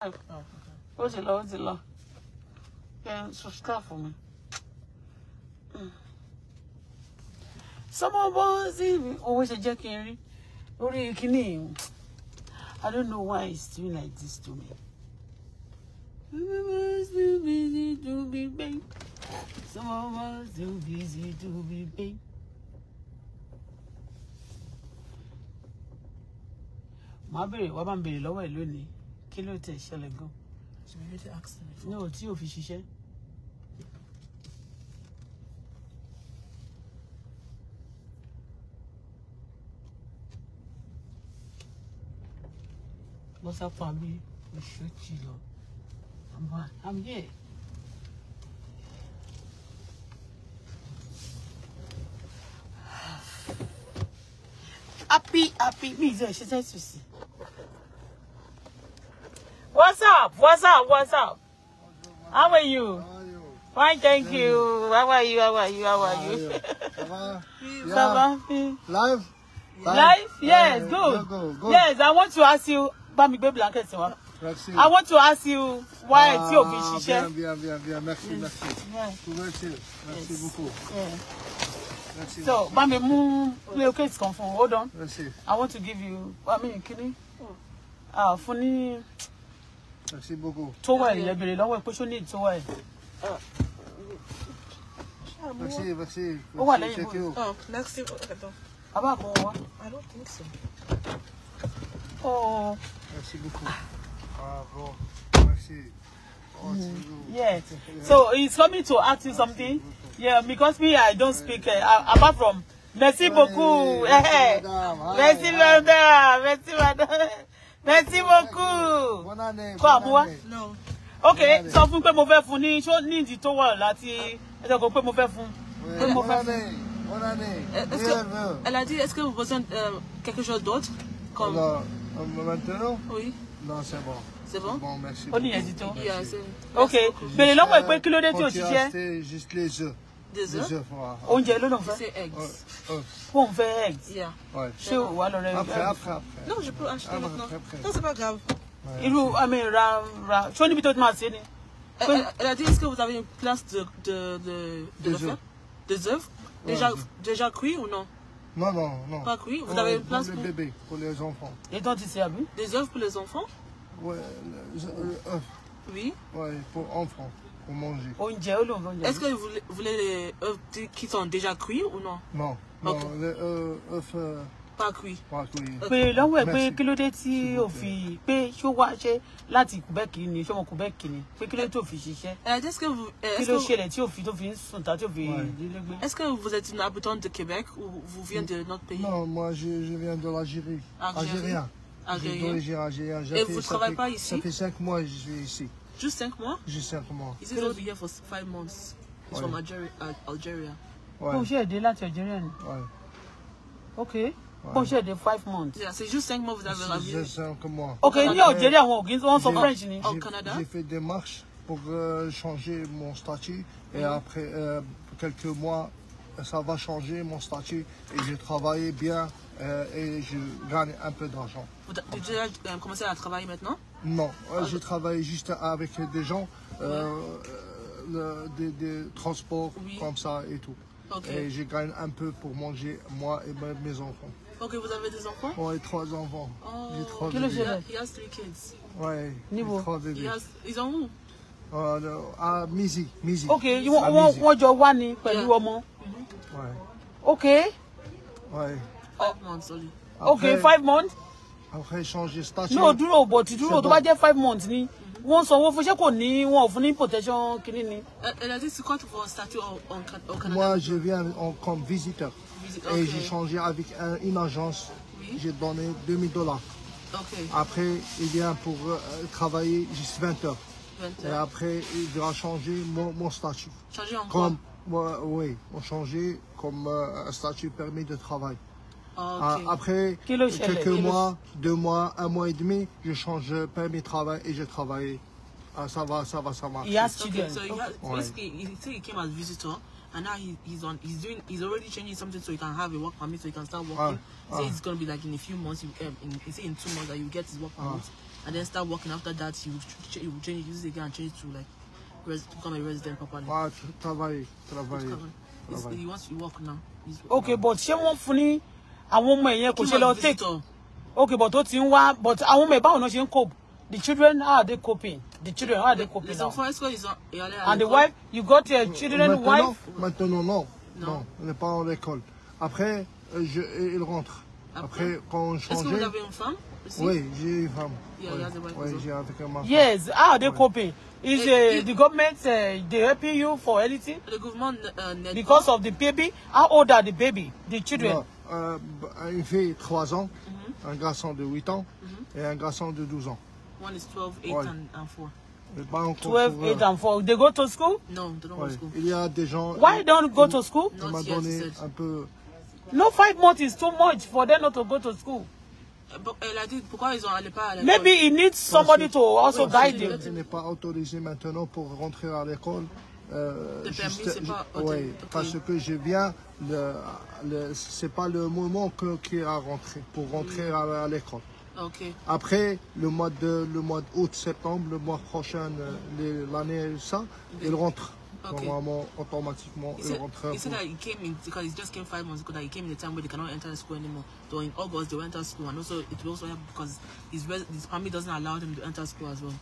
ó ti lọ ó ti lọ then subscribe for me. Some of us owó ṣe jẹ́ kí n rí lórí kíní I don't know why it's doing like this to me. Some of us Too busy to be big. Some of us too busy to be big. Màá béèrè wá bá ń béèrè lọ́wọ́ kí ló tẹ̀ ṣẹlẹ̀ gan. she be really me for. no tí o fi ṣiṣẹ́. mọ́sápá mi oṣù jìlọ I'm here. happy happy me is your sister to see. What's up? What's up? What's up? How are you? How are you? Fine, thank you. How are you? How are you? How are you? How are Life? Life? Yes, good. Go, go. Yes, I want to ask you. Bá mi gbé blanket wá. I want to ask you why ah, tí o fi Bien, bien, bien, merci, merci. Merci, merci beaucoup. Merci. So, bá mi mú relocate kan fún. Hold on. Merci. I want to give you. I mean, kini. Hmm. Ah, fún Merci beaucoup. Towel, il a bien là, ouais, poche need towel. Merci, merci. Oh, voilà, il Oh, merci. Attends. Ah bah bon, hein. I don't think so. Oh. Merci beaucoup. Ah Bravo. Merci. Oh, mm. Yeah. So he's coming to ask you something. Yeah, because me, I don't speak uh, apart from. Merci beaucoup. Hey, hey. Merci, eh, eh. Ah. madame. Merci, madame. Merci beaucoup. Bonne année. Quoi, moi? Non. Ok, ça vous fait mauvais fẹ́ fún ní mauvais fou Bonne Bonne année. Euh, elle a dit, est-ce que vous besoin euh, quelque chose d'autre comme... Euh, maintenant Oui. Non, c'est bon. C'est bon Bon, merci. On y est, dit Ok, mais les le tout aussi, Juste les œufs. Des œufs. On dirait le fẹ́. C'est eggs. on fait eggs. Yeah. Ouais. Chez euh, Après, après, après. Non, je peux acheter ah, maintenant. Après, après. Non, c'est pas grave. Il nous ah mis ra, ra. Tu vois, ni ma c'est Elle a dit, est-ce que vous avez une place de, de, de, des œufs. Des œufs. Déjà, déjà cuit ou non? Non, non, non. Pas cuit Vous avez une place pour les bébés, pour les enfants. Et donc, tu sais, Des œufs pour les enfants? Ouais, Oui. Ouais, pour enfants pour manger. Est-ce que vous voulez les œufs qui sont déjà cuits ou non Non, non okay. les euh, œufs... Euh, pas cuits. Pas cuit. pé lọ́wọ́ ẹ̀ pé kí ló dé tí ò fi là ṣó wá ṣe láti kùbẹ́ẹ̀kì ni eh, ṣé wọn kùbẹ́ẹ̀kì ni pé kí ló tó fi Est-ce que vous, eh, tí ò fi tó fi Est-ce que vous êtes une habitante de Québec ou vous venez de notre pays. Non, moi je, je viens de l'Algérie. Algérien. Algérien. Et vous travaillez pas ici Ça fait cinq mois que je suis ici. Juste 5 mois Juste 5 mois. Il est resté ici pour 5 mois. Il est d'Algérie. Oh, j'ai des lattes algériennes. Ouais. Ok. Oh, j'ai 5 mois. C'est juste 5 mois vous avez la vie. 5 mois. Ok, il y a Algérie, on est en French. Au oh, Canada J'ai fait des marches pour euh, changer mon statut et mm-hmm. après euh, quelques mois ça va changer mon statut et j'ai travaillé bien euh, et je gagne un peu d'argent. Tu as commencé à travailler maintenant non, je travaille juste avec des gens, euh, euh le, des, des, transports comme ça et tout. Et je gagne un peu pour manger, moi et mes enfants. Ok, vous avez des enfants Oui, trois enfants. Oh. J'ai trois Quel bébés. a has three kids. Oui, trois bébés. He has, ils ont où uh, no, À Mizi. Mizi. Ok, peu jọ wá ní pẹ̀lú Oui. Ok. Oui. 5 months only. Ok, 5 months. Après changer statut. No statut. but dúró tu vas five months ni wọ́n ni. Elle a c'est quoi statut au Canada? Moi je viens en, comme visiteur. Et j'ai changé avec une agence. Oui. J'ai donné 2000 dollars. Après il vient pour euh, travailler juste 20 heures. Et après il devra changer mon, statut. Changer en Comme, moi, oui, on changer comme un euh, statut permis de travail. Ah, ah, okay. Après quelques mois, deux mois, un mois et demi, je change pas mes travail et je travaille. Ah, ça va, ça va, ça marche. il a children. he basically, he, he came as visitor. And now he, he's on. He's doing. He's already changing something so he can have a work permit so he can start working. Ah, so ah. it's gonna be like in a few months. You, um, in, say in two months that you get his work permit, and then start working. After that, he will, ch he will change. Use it again and change to like res, become a resident properly. travail, travail, travail. He wants to work now. okay, but she won't finish. àwọn ọmọ ẹ̀yẹn kò ṣe lọ take okay but ó ti ń wá but àwọn ọmọ ẹ̀ báwo náà ṣe ń cope the children how are they coping the children how are they coping now and the wife you got your children wife maintenant non non, non on n'est pas en école après euh, je, euh, il rentre après, quand on change est-ce que vous avez une femme oui j'ai une femme yeah, oui, j'ai avec ma femme yes how are they coping is it, uh, the government uh, they helping you for anything the government uh, because of the baby how old are the baby the children no. euh, une fille 3 ans, mm -hmm. un garçon de 8 ans mm -hmm. et un garçon de 12 ans. One is 12, 8 ouais. and, and 4. 12, pour, 8 and 4. They go to school? No, they don't ouais. go to school. Il y a des gens... Why don't go to school? On m'a donné un peu... No, 5 months is too much for them not to go to school. Euh, elle a dit pourquoi ils n'allaient pas à l'école. Maybe he needs somebody Ensuite, to also guide him. Il n'est pas autorisé maintenant pour rentrer à l'école. Euh, juste, permis, pas, je, ouais, okay. parce que je viens, le, le c'est pas le moment que qui a rentré pour rentrer mm. à, à l'école. Okay. Après le mois de le mois d'août septembre, le mois prochain, euh, l'année ça, okay. il rentre. Normalement, automatiquement, il rentre. He said that he came in because he just came five months ago. That he came in the time where they cannot enter the school anymore. So in August they went to school, and also it will also help because his his family doesn't allow them to enter school as well.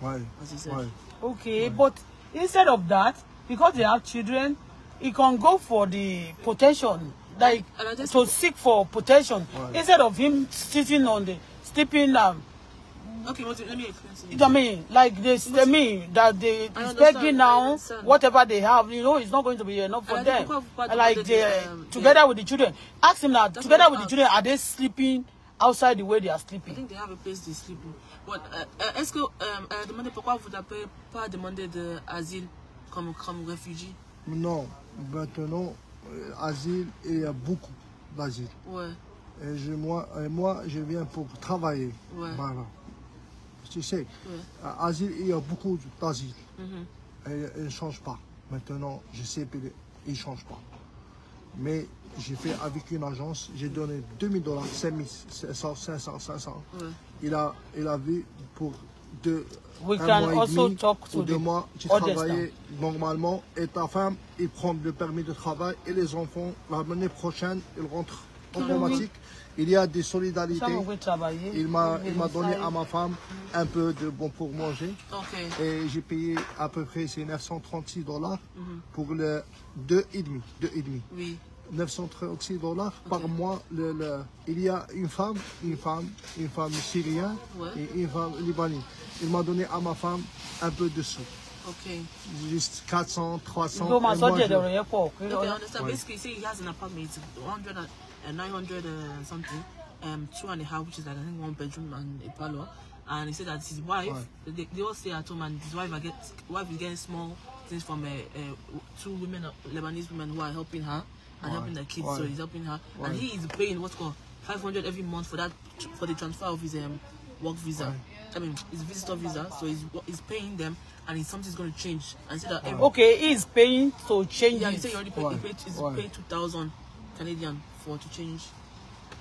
Why? As you said. Why? Okay, Why? but Instead of that, because they have children, he can go for the protection, like to seek for protection right. instead of him sitting on the sleeping um, Okay, what, let me explain to you. I mean, like this, I mean, that they begging now, whatever they have, you know, it's not going to be enough for them. Like, they, um, together yeah. with the children. Ask him that, together with the children, are they sleeping? outside the way they are sleeping. I think they have a place to sleep. But Est-ce que, euh, elle pourquoi vous n'avez pas demandé d'asile de comme, comme réfugié Non, maintenant, euh, asile, il y a beaucoup d'asile. Ouais. Et je, moi, moi, je viens pour travailler. Ouais. Voilà. Tu sais, ouais. Euh, asile, il y a beaucoup d'asile. Mm -hmm. et, et ils ne changent pas. Maintenant, je sais qu'ils ne changent pas. Mais j'ai fait avec une agence, j'ai donné 2000 dollars, 500, 500, 500. Il, a, il a vu pour deux, un mois et demi ou deux mois, tu travaillais normalement et ta femme, il prend le permis de travail et les enfants, l'année prochaine, ils rentrent problématique. Il y a des solidarités. Il m'a donné à ma femme un peu de bon pour manger. Et j'ai payé à peu près 936 dollars mhm. pour le 2,5. Et demi, et demi. Oui. 936 dollars par mois. Le, il y a une femme, une femme, une femme syrienne et une femme libanienne. Il m'a donné à ma femme un peu de sous. Juste 400, 300. on Basically, And 900 and something, um, two and a half, which is like I think one bedroom and a parlor. And he said that his wife, right. they, they, all stay at home, and his wife, get, wife is getting small things from uh, uh, two women, Lebanese women who are helping her and right. helping the kids. Right. So he's helping her, and he is paying what's called 500 every month for that for the transfer of his um, work visa. I mean, it's visitor visa, so he's, he's paying them and it's something's going to change. And said that right. Um, okay, he's paying to change. Yeah, he said he already paid, he paid, he's paid 2,000 Canadian for to change.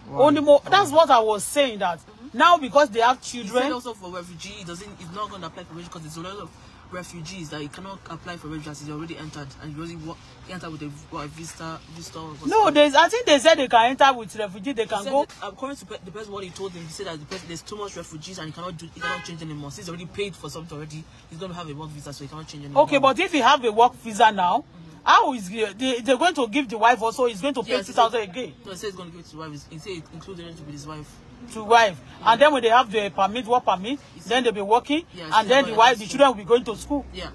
Wow. Only more. Wow. That's what I was saying. That mm -hmm. now because they have children. also for refugees, doesn't it's not going to apply for refugees because there's a lot of refugees that you cannot apply for refugees. He's already entered and you already he entered with a, what, a visa. visa no, there's. I think they said they can enter with refugee. They can go. That, uh, according to the person, what he told him, he said that the person, there's too much refugees and he cannot do. He cannot change anymore. Since he's already paid for something already, he's going to have a work visa, so he cannot change anymore. Okay, but if he have a work visa now. Mm -hmm How is he, they, they're going to give the wife also? He's going to pay yes, 2,000 again. No, he said he's going to give it to wife. He said it includes included to be his wife. To wife. Yeah. And then when they have the permit, what permit, it's, then they'll be working. Yeah, and then the wife, the children will be going to school. Yeah.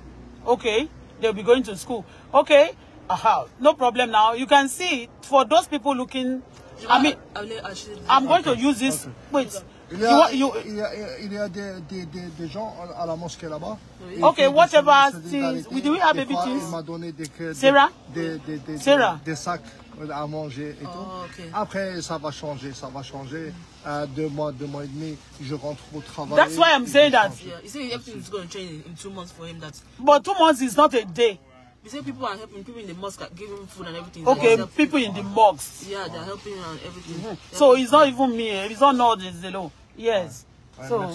Okay. They'll be going to school. Okay. Aha. No problem now. You can see for those people looking. You I mean, I'm going to use this. Okay. Wait. Okay. Il y a, you, you, il y a, il y a des, des, des, des, gens à la mosquée là-bas. Oui. Ok, what about things? We do we have baby things? Il m'a donné des, Sarah? des, des, Sarah? des, sacs à manger et oh, tout. Okay. Après, ça va changer, ça va changer. Uh, deux mois, deux mois et demi, je rentre au travail. That's why I'm saying that. Yeah, he everything he going to change in two months for him. That. But two months is not a day. You say people are helping people in the mosque are giving food and everything. Okay, people in the mosque. Yeah, they're helping and everything. Mm -hmm. So it's not even me. Eh? It's not all this alone. Yes. So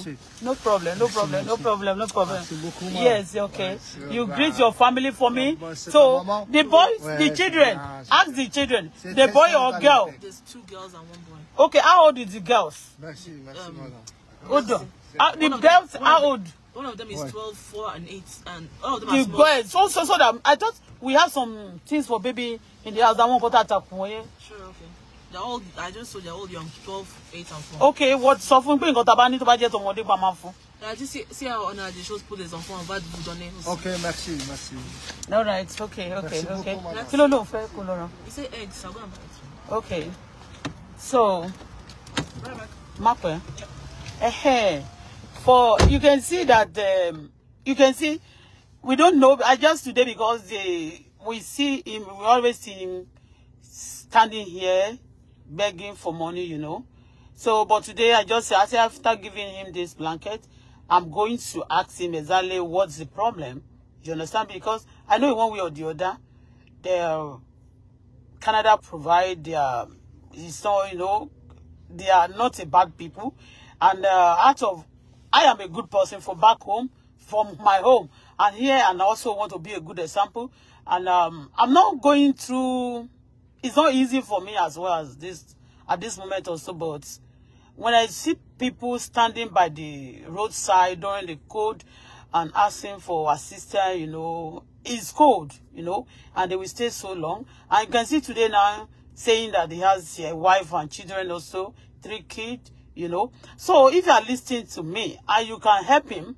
no problem, no problem, no problem, no problem. Yes, okay. You uh, greet your family for me. So the boys, the children, ask the children, the boy or girl. There's two girls and one boy. Okay, how old is the girls? Um, merci, The girls, how old? One of them is what? 12, 4, and 8. And all of them the are small. Boy, so, so, so that I thought we have some things for baby in the house that won't go to attack. Sure, okay. They're all, I just saw they're all young, 12, 8, and 4. Okay, what? So, fún pé nǹkan tá a bá ní tó bá jẹ́ tọmọ dé pa máa fún. I just see, see on a des choses pour les enfants, on va vous donner aussi. Okay, merci, merci. All right, okay, okay, merci okay. Kí ló ló fẹ́ kó You say eggs, I'll go and buy it. Okay. So, right back. Má pẹ́. Eh, Hey. for you can see that um, you can see we don't know I just today because they we see him we always see him standing here begging for money you know so but today I just I after giving him this blanket I'm going to ask him exactly what's the problem you understand because I know one way or the other the Canada provide their it's not you know they are not a bad people and uh, out of I am a good person from back home, from my home. And here, and I also want to be a good example. And um, I'm not going through... It's not easy for me as well as this at this moment also, but when I see people standing by the roadside during the cold and asking for assistance, you know, it's cold, you know, and they will stay so long. And you can see today now saying that he has a wife and children also, three kids, you know. So if you are listening to me and you can help him,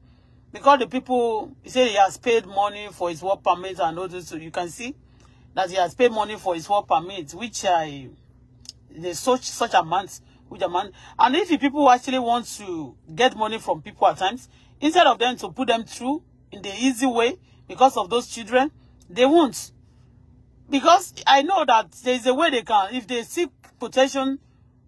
because the people he said he has paid money for his work permit and all this, so you can see that he has paid money for his work permit, which I the such such amounts, which amount. And if the people actually want to get money from people at times, instead of them to put them through in the easy way because of those children, they won't. Because I know that there's a way they can, if they seek protection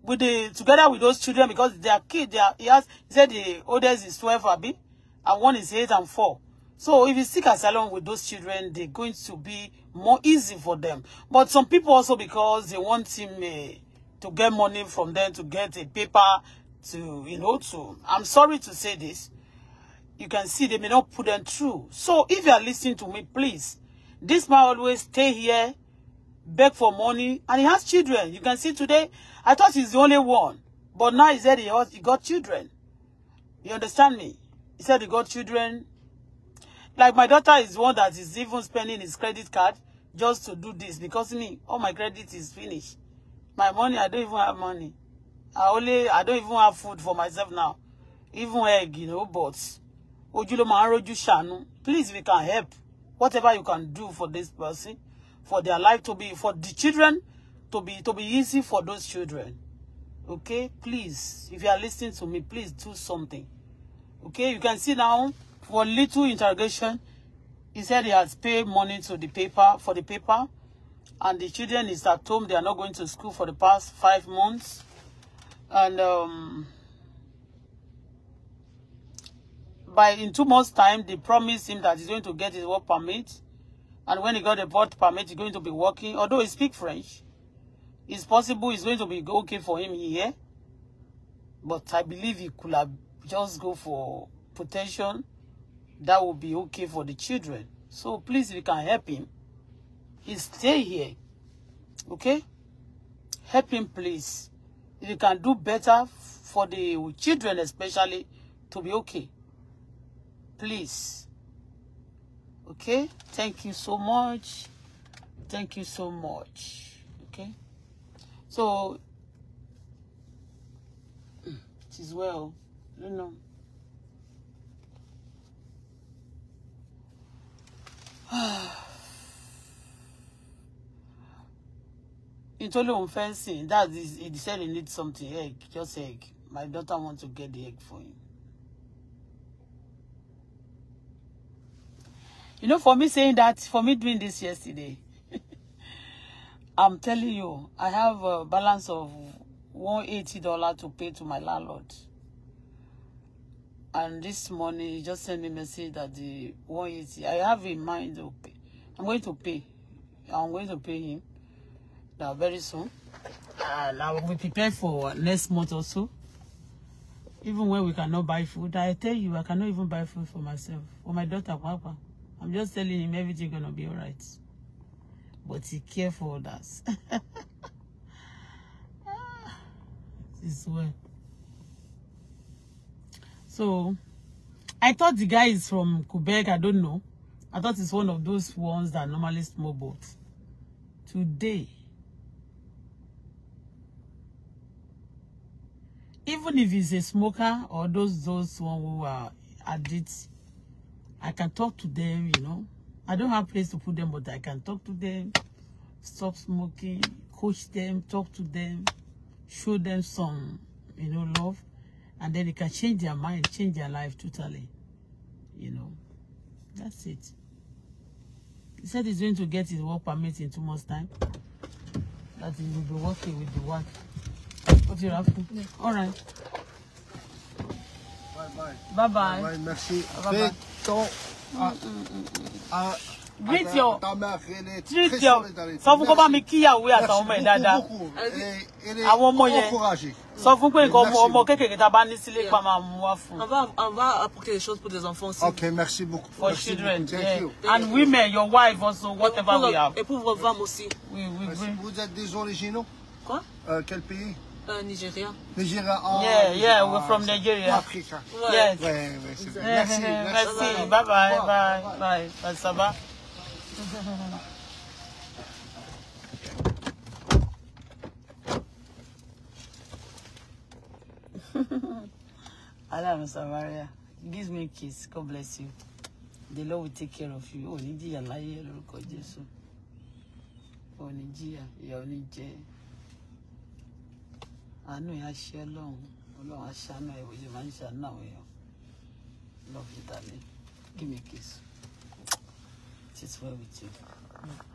with the together with those children because their kid, they are, he has he said the oldest is 12 Abi, and one is eight and four. So if you seek asylum with those children, they're going to be more easy for them. But some people also because they want him uh, to get money from them, to get a paper, to, you know, to, I'm sorry to say this. You can see they may not put them through. So if you are listening to me, please, this man always stay here, beg for money, and he has children. You can see today, I thought he's the only one. But now he said he, has, he got children. You understand me? He said he got children. Like my daughter is one that is even spending his credit card just to do this. Because me, all my credit is finished. My money, I don't even have money. I only, I don't even have food for myself now. Even egg, you know, but... Please, we can help. Whatever you can do for this person, for their life to be, for the children to be to be easy for those children. Okay, please, if you are listening to me, please do something. Okay, you can see now for little interrogation, he said he has paid money to the paper for the paper, and the children is at home. They are not going to school for the past five months, and um, by in two months' time, they promised him that he's going to get his work permit, and when he got the work permit, he's going to be working. Although he speak French, it's possible it's going to be okay for him here. But I believe he could have just go for protection. That would be okay for the children. So please, we can help him, he stay here. Okay? Help him, please. If you can do better for the children especially to be okay. Please. Okay? Thank you so much. Thank you so much. So it is well. I don't know. nítorí òun fẹ́ sìn that is he said he needs something egg just egg my daughter wants to get the egg for him. You know, for me saying that, for me doing this yesterday, I'm telling you, I have a balance of $180 to pay to my landlord. And this morning, he just sent me a message that the 180, I have in mind to pay. I'm going to pay. I'm going to pay him now very soon. And I will be prepared for next month also. Even when we cannot buy food, I tell you, I cannot even buy food for myself, for my daughter, Papa. I'm just telling him everything gonna be all right but he care for others. this way. So, I thought the guy is from Quebec. I don't know. I thought it's one of those ones that normally smoke. boats. Today, even if he's a smoker or those those one who are addicts, I can talk to them, you know. I don't have place to put them, but I can talk to them, stop smoking, coach them, talk to them, show them some, you know, love. And then you can change their mind, change their life totally. You know, that's it. He said he's going to get his work permit in two months' time. That he will be working with the work. What you have yeah. All right. Bye bye. Bye bye. Bye bye. Merci. Bye bye. Ah, Greetio. Greetio. Sọ fún kó bá mais qui a ọmọ à dáadáa. Àwọn dada. yẹn. Sọ fún pé nǹkan ọmọ ọmọ kékeré tá a bá ní sílé pa máa mú wá On va on va apporter des choses pour des enfants aussi. Ok, merci beaucoup. For merci children. Beaucoup. Yeah. You. And women, your wife also, whatever we have. Et pour vos femmes aussi. Oui, oui. Vous êtes des originaux? Quoi? Euh, quel pays? Euh, Nigeria. Nigeria, ah, Yeah, yeah, we're ah, from Nigeria. Africa. Hein. Yes. c'est bye Merci, merci. bye Bye, bye, bye, bye, bye. Ça va Allah, bye bye give me a kiss. God bless you. The Lord will take care of you. bye bye Jesus. bye Nigeria, bye bye àánú yẹn aṣẹ lọ́hùn ọlọ́run aṣáánú ẹ̀ wòye máa ń ṣàánú àwọn èèyàn love you darling give me a kiss it's well with you. Mm.